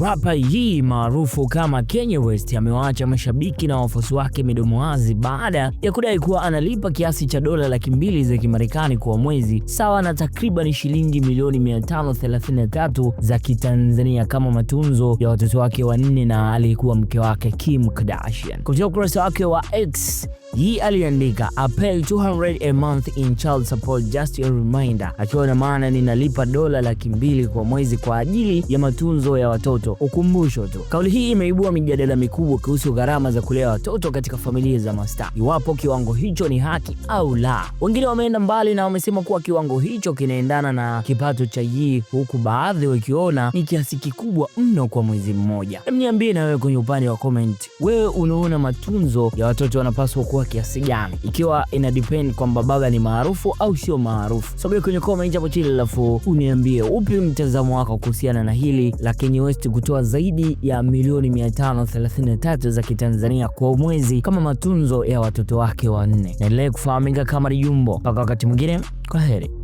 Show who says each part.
Speaker 1: Rapa Yee maarufu kama Kanye West amewaacha mashabiki na wafuasi wake midomo wazi baada ya kudai kuwa analipa kiasi cha dola laki mbili za Kimarekani kwa mwezi sawa na takriban shilingi milioni 533 za Kitanzania kama matunzo ya watoto wake wanne na aliyekuwa mke wake Kim Kardashian. Kupitia ukurasa wake wa X, Yi aliandika I pay 200 a month in child support just a reminder, akiwa na maana ninalipa dola laki mbili kwa mwezi kwa ajili ya matunzo ya watoto, ukumbusho tu. Kauli hii imeibua mijadala mikubwa kuhusu gharama za kulea watoto katika familia za mastaa, iwapo kiwango hicho ni haki au la. Wengine wameenda mbali na wamesema kuwa kiwango hicho kinaendana na kipato cha Yi, huku baadhi wakiona ni kiasi kikubwa mno kwa mwezi mmoja. Niambie na wewe kwenye upande wa comment, wewe unaona matunzo ya watoto wanapaswa kuwa kwa kiasi gani, ikiwa ina depend kwamba baba ni maarufu au sio maarufu. Sogea kwenye comment hapo chini, alafu uniambie upi mtazamo wako kuhusiana na hili la Kanye West kutoa zaidi ya milioni 533 za kitanzania kwa mwezi kama matunzo ya watoto wake wanne. Naendelee kufahamika kama Jumbo. Mpaka wakati mwingine, kwa heri.